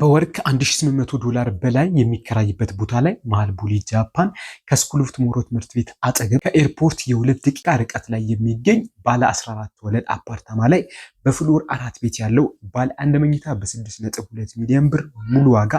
በወር ከ1800 ዶላር በላይ የሚከራይበት ቦታ ላይ መሃል ቡሊ ጃፓን ከስኩል ኦፍ ቱሞሮ ትምህርት ቤት አጠገብ ከኤርፖርት የሁለት ደቂቃ ርቀት ላይ የሚገኝ ባለ 14 ወለል አፓርታማ ላይ በፍሎር አራት ቤት ያለው ባለ አንድ መኝታ በ6.2 ሚሊዮን ብር ሙሉ ዋጋ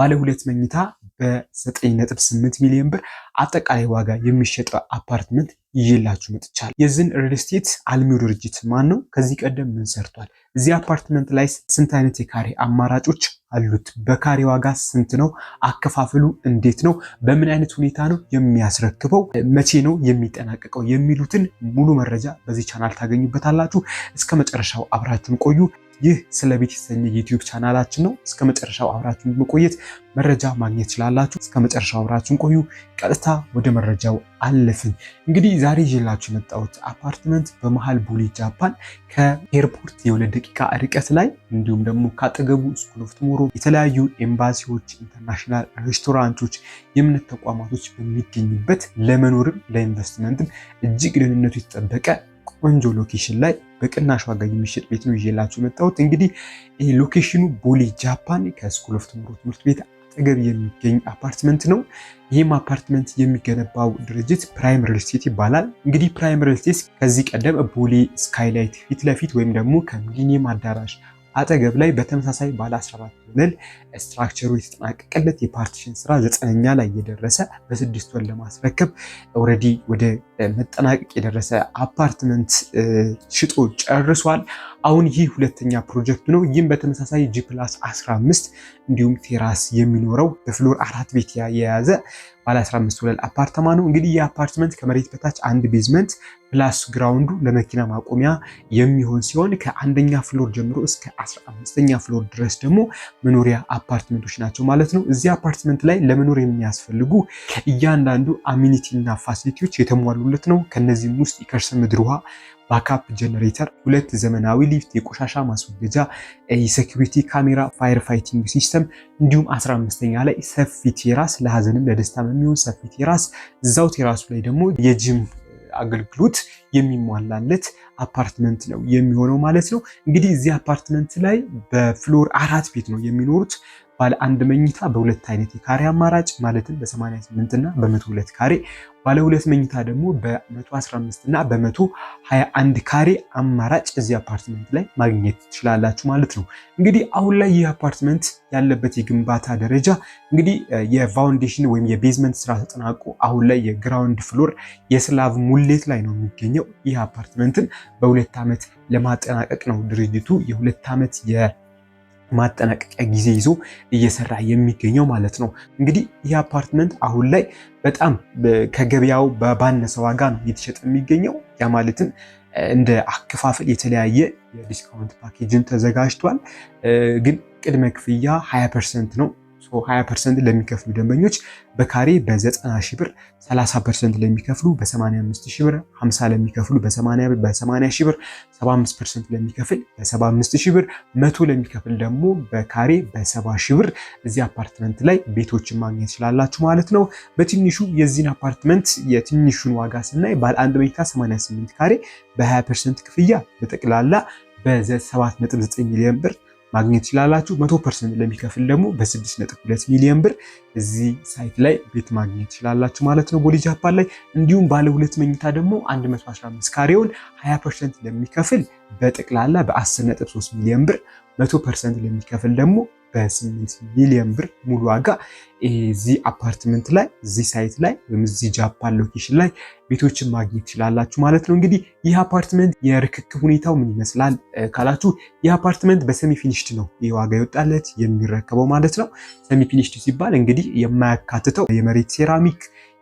ባለ ሁለት መኝታ በ9.8 ሚሊዮን ብር አጠቃላይ ዋጋ የሚሸጠ አፓርትመንት ይዤላችሁ መጥቻለሁ። የዝን ሪል ስቴት አልሚው ድርጅት ማን ነው? ከዚህ ቀደም ምን ሰርቷል? እዚህ አፓርትመንት ላይ ስንት አይነት የካሬ አማራጮች አሉት? በካሬ ዋጋ ስንት ነው? አከፋፈሉ እንዴት ነው? በምን አይነት ሁኔታ ነው የሚያስረክበው? መቼ ነው የሚጠናቀቀው? የሚሉትን ሙሉ መረጃ በዚህ ቻናል ታገኙበታላችሁ። እስከ መጨረሻው አብራችሁን ቆዩ። ይህ ስለ ቤት የተሰኘ ዩቲዩብ ቻናላችን ነው። እስከ መጨረሻው አብራችሁን መቆየት መረጃ ማግኘት ትችላላችሁ። እስከ መጨረሻው አብራችሁን ቆዩ። ቀጥታ ወደ መረጃው አለፍን። እንግዲህ ዛሬ ይዤላችሁ የመጣሁት አፓርትመንት በመሃል ቦሌ ጃፓን ከኤርፖርት የሆነ ደቂቃ ርቀት ላይ እንዲሁም ደግሞ ካጠገቡ ስኩል ኦፍ የተለያዩ ኤምባሲዎች፣ ኢንተርናሽናል ሬስቶራንቶች፣ የእምነት ተቋማቶች በሚገኙበት ለመኖርም ለኢንቨስትመንትም እጅግ ደህንነቱ የተጠበቀ ቆንጆ ሎኬሽን ላይ በቅናሽ ዋጋ የሚሸጥ ቤት ነው ይዤላችሁ የመጣሁት። እንግዲህ ይህ ሎኬሽኑ ቦሌ ጃፓን ከስኩል ኦፍ ትምህርት ትምህርት ቤት አጠገብ የሚገኝ አፓርትመንት ነው። ይህም አፓርትመንት የሚገነባው ድርጅት ፕራይም ሪል ስቴት ይባላል። እንግዲህ ፕራይም ሪል ስቴት ከዚህ ቀደም ቦሌ ስካይላይት ፊት ለፊት ወይም ደግሞ ከሚሊኒየም አዳራሽ አጠገብ ላይ በተመሳሳይ ባለ 17 ወለል ስትራክቸሩ የተጠናቀቀለት የፓርቲሽን ስራ ዘጠነኛ ላይ የደረሰ በስድስት ወር ለማስረከብ ኦልሬዲ ወደ መጠናቀቅ የደረሰ አፓርትመንት ሽጦ ጨርሷል። አሁን ይህ ሁለተኛ ፕሮጀክቱ ነው። ይህም በተመሳሳይ ጂ ፕላስ 15 እንዲሁም ቴራስ የሚኖረው በፍሎር አራት ቤት የያዘ ባለ 15 ወለል አፓርታማ ነው። እንግዲህ ይህ አፓርትመንት ከመሬት በታች አንድ ቤዝመንት ፕላስ ግራውንዱ ለመኪና ማቆሚያ የሚሆን ሲሆን ከአንደኛ ፍሎር ጀምሮ እስከ 15ኛ ፍሎር ድረስ ደግሞ መኖሪያ አፓርትመንቶች ናቸው ማለት ነው። እዚህ አፓርትመንት ላይ ለመኖር የሚያስፈልጉ እያንዳንዱ አሚኒቲ እና ፋሲሊቲዎች የተሟሉ እየተሰሩለት ነው። ከነዚህም ውስጥ የከርሰ ምድር ውሃ ባካፕ ጀነሬተር፣ ሁለት ዘመናዊ ሊፍት፣ የቆሻሻ ማስወገጃ፣ የሴኩሪቲ ካሜራ፣ ፋየር ፋይቲንግ ሲስተም እንዲሁም 15ኛ ላይ ሰፊ ቴራስ፣ ለሀዘንም ለደስታም የሚሆን ሰፊ ቴራስ፣ እዛው ቴራሱ ላይ ደግሞ የጂም አገልግሎት የሚሟላለት አፓርትመንት ነው የሚሆነው ማለት ነው። እንግዲህ እዚህ አፓርትመንት ላይ በፍሎር አራት ቤት ነው የሚኖሩት። ባለ አንድ መኝታ በሁለት አይነት የካሬ አማራጭ ማለትም በ88 ና በ102 ካሬ፣ ባለ ሁለት መኝታ ደግሞ በ115 እና በ121 ካሬ አማራጭ እዚህ አፓርትመንት ላይ ማግኘት ትችላላችሁ ማለት ነው። እንግዲህ አሁን ላይ ይህ አፓርትመንት ያለበት የግንባታ ደረጃ እንግዲህ የፋውንዴሽን ወይም የቤዝመንት ስራ ተጠናቆ አሁን ላይ የግራውንድ ፍሎር የስላቭ ሙሌት ላይ ነው የሚገኘው። ይህ አፓርትመንትን በሁለት ዓመት ለማጠናቀቅ ነው ድርጅቱ የሁለት ዓመት ማጠናቀቂያ ጊዜ ይዞ እየሰራ የሚገኘው ማለት ነው። እንግዲህ ይህ አፓርትመንት አሁን ላይ በጣም ከገበያው በባነሰ ዋጋ ነው እየተሸጠ የሚገኘው። ያ ማለትም እንደ አከፋፈል የተለያየ የዲስካውንት ፓኬጅን ተዘጋጅቷል። ግን ቅድመ ክፍያ 20 ፐርሰንት ነው። 20 ፐርሰንት ለሚከፍሉ ደንበኞች በካሬ በ90 ሺህ ብር፣ 30 ፐርሰንት ለሚከፍሉ በ85 ሺህ ብር፣ 50 ለሚከፍሉ በ80 ሺህ ብር፣ 75 ፐርሰንት ለሚከፍል በ75 ሺህ ብር፣ መቶ ለሚከፍል ደግሞ በካሬ በ70 ሺህ ብር እዚህ አፓርትመንት ላይ ቤቶችን ማግኘት ይችላላችሁ ማለት ነው። በትንሹ የዚህን አፓርትመንት የትንሹን ዋጋ ስናይ ባለ አንድ መኝታ 88 ካሬ በ20 ፐርሰንት ክፍያ በጠቅላላ በ7.9 ሚሊዮን ብር ማግኘት ይችላላችሁ። መቶ ፐርሰንት ለሚከፍል ደግሞ በ6.2 ሚሊዮን ብር እዚህ ሳይት ላይ ቤት ማግኘት ይችላላችሁ ማለት ነው ቦሌ ጃፓን ላይ። እንዲሁም ባለ ሁለት መኝታ ደግሞ 115 ካሬውን 20 ፐርሰንት ለሚከፍል በጠቅላላ በ10.3 ሚሊዮን ብር መቶ ፐርሰንት ለሚከፍል ደግሞ በ8 ሚሊዮን ብር ሙሉ ዋጋ እዚህ አፓርትመንት ላይ እዚህ ሳይት ላይ ወይም እዚህ ጃፓን ሎኬሽን ላይ ቤቶችን ማግኘት ትችላላችሁ ማለት ነው። እንግዲህ ይህ አፓርትመንት የርክክብ ሁኔታው ምን ይመስላል ካላችሁ ይህ አፓርትመንት በሰሚ ፊኒሽድ ነው ይህ ዋጋ የወጣለት የሚረከበው ማለት ነው። ሰሚ ፊኒሽድ ሲባል እንግዲህ የማያካትተው የመሬት ሴራሚክ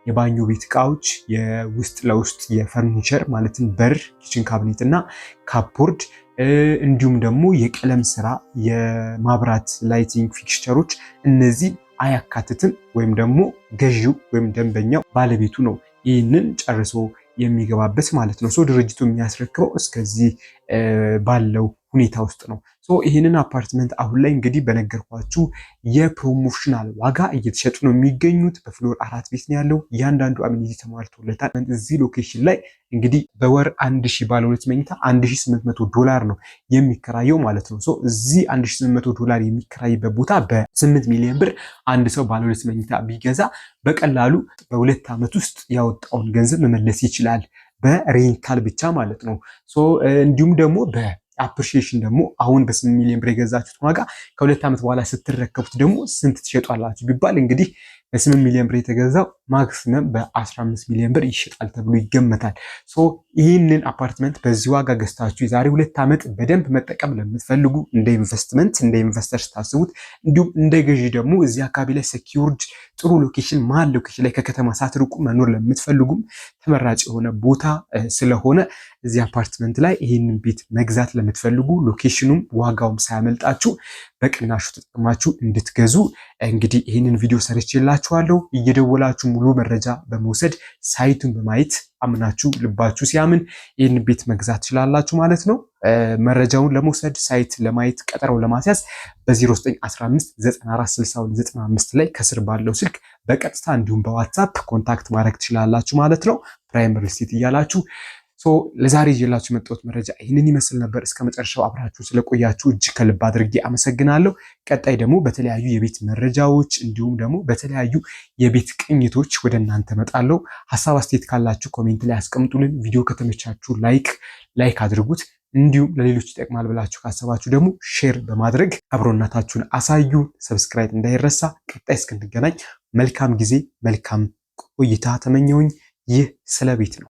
የባኞ ቤት እቃዎች፣ የውስጥ ለውስጥ የፈርኒቸር ማለትም በር፣ ኪችን ካብኔት እና ካፖርድ እንዲሁም ደግሞ የቀለም ስራ፣ የማብራት ላይቲንግ ፊክስቸሮች እነዚህ አያካትትም። ወይም ደግሞ ገዢው ወይም ደንበኛው ባለቤቱ ነው ይህንን ጨርሶ የሚገባበት ማለት ነው። ሰው ድርጅቱ የሚያስረክበው እስከዚህ ባለው ሁኔታ ውስጥ ነው። ይህንን አፓርትመንት አሁን ላይ እንግዲህ በነገርኳችሁ የፕሮሞሽናል ዋጋ እየተሸጡ ነው የሚገኙት። በፍሎር አራት ቤት ነው ያለው። እያንዳንዱ አሚኒቲ ተሟልቶለታል። እዚህ ሎኬሽን ላይ እንግዲህ በወር አንድ ሺህ ባለ ሁለት መኝታ አንድ ሺህ ስምንት መቶ ዶላር ነው የሚከራየው ማለት ነው። እዚህ አንድ ሺህ ስምንት መቶ ዶላር የሚከራይበት ቦታ በስምንት ሚሊዮን ብር አንድ ሰው ባለ ሁለት መኝታ ቢገዛ በቀላሉ በሁለት ዓመት ውስጥ ያወጣውን ገንዘብ መመለስ ይችላል። በሬንታል ብቻ ማለት ነው። እንዲሁም ደግሞ በ አፕሪሺዬሽን ደግሞ አሁን በስምንት ሚሊዮን ብር የገዛችሁት ዋጋ ከሁለት ዓመት በኋላ ስትረከቡት ደግሞ ስንት ትሸጧላችሁ ቢባል እንግዲህ በ8 ሚሊዮን ብር የተገዛው ማክሲመም በ15 ሚሊዮን ብር ይሸጣል ተብሎ ይገመታል። ሶ ይህንን አፓርትመንት በዚህ ዋጋ ገዝታችሁ የዛሬ ሁለት ዓመት በደንብ መጠቀም ለምትፈልጉ እንደ ኢንቨስትመንት እንደ ኢንቨስተር ስታስቡት፣ እንዲሁም እንደ ገዢ ደግሞ እዚህ አካባቢ ላይ ሴኪውርድ ጥሩ ሎኬሽን መሀል ሎኬሽን ላይ ከከተማ ሳትርቁ መኖር ለምትፈልጉም ተመራጭ የሆነ ቦታ ስለሆነ እዚህ አፓርትመንት ላይ ይህንን ቤት መግዛት ለምትፈልጉ ሎኬሽኑም ዋጋውም ሳያመልጣችሁ በቅናሹ ተጠቅማችሁ እንድትገዙ እንግዲህ ይህንን ቪዲዮ ሰርቼላችኋለሁ። እየደወላችሁ ሙሉ መረጃ በመውሰድ ሳይቱን በማየት አምናችሁ ልባችሁ ሲያምን ይህን ቤት መግዛት ትችላላችሁ ማለት ነው። መረጃውን ለመውሰድ ሳይት ለማየት ቀጠረው ለማስያዝ በ0915946295 ላይ ከስር ባለው ስልክ በቀጥታ እንዲሁም በዋትሳፕ ኮንታክት ማድረግ ትችላላችሁ ማለት ነው። ፕራይም ሪል እስቴት እያላችሁ ሶ ለዛሬ ይዤላችሁ የመጣሁት መረጃ ይህንን ይመስል ነበር። እስከ መጨረሻው አብራችሁ ስለቆያችሁ እጅ ከልብ አድርጌ አመሰግናለሁ። ቀጣይ ደግሞ በተለያዩ የቤት መረጃዎች እንዲሁም ደግሞ በተለያዩ የቤት ቅኝቶች ወደ እናንተ መጣለሁ። ሀሳብ አስተያየት ካላችሁ ኮሜንት ላይ አስቀምጡልን። ቪዲዮ ከተመቻችሁ ላይክ ላይክ አድርጉት። እንዲሁም ለሌሎች ይጠቅማል ብላችሁ ካሰባችሁ ደግሞ ሼር በማድረግ አብሮነታችሁን አሳዩ። ሰብስክራይብ እንዳይረሳ። ቀጣይ እስክንገናኝ መልካም ጊዜ፣ መልካም ቆይታ ተመኘውኝ ይህ ስለ ቤት ነው።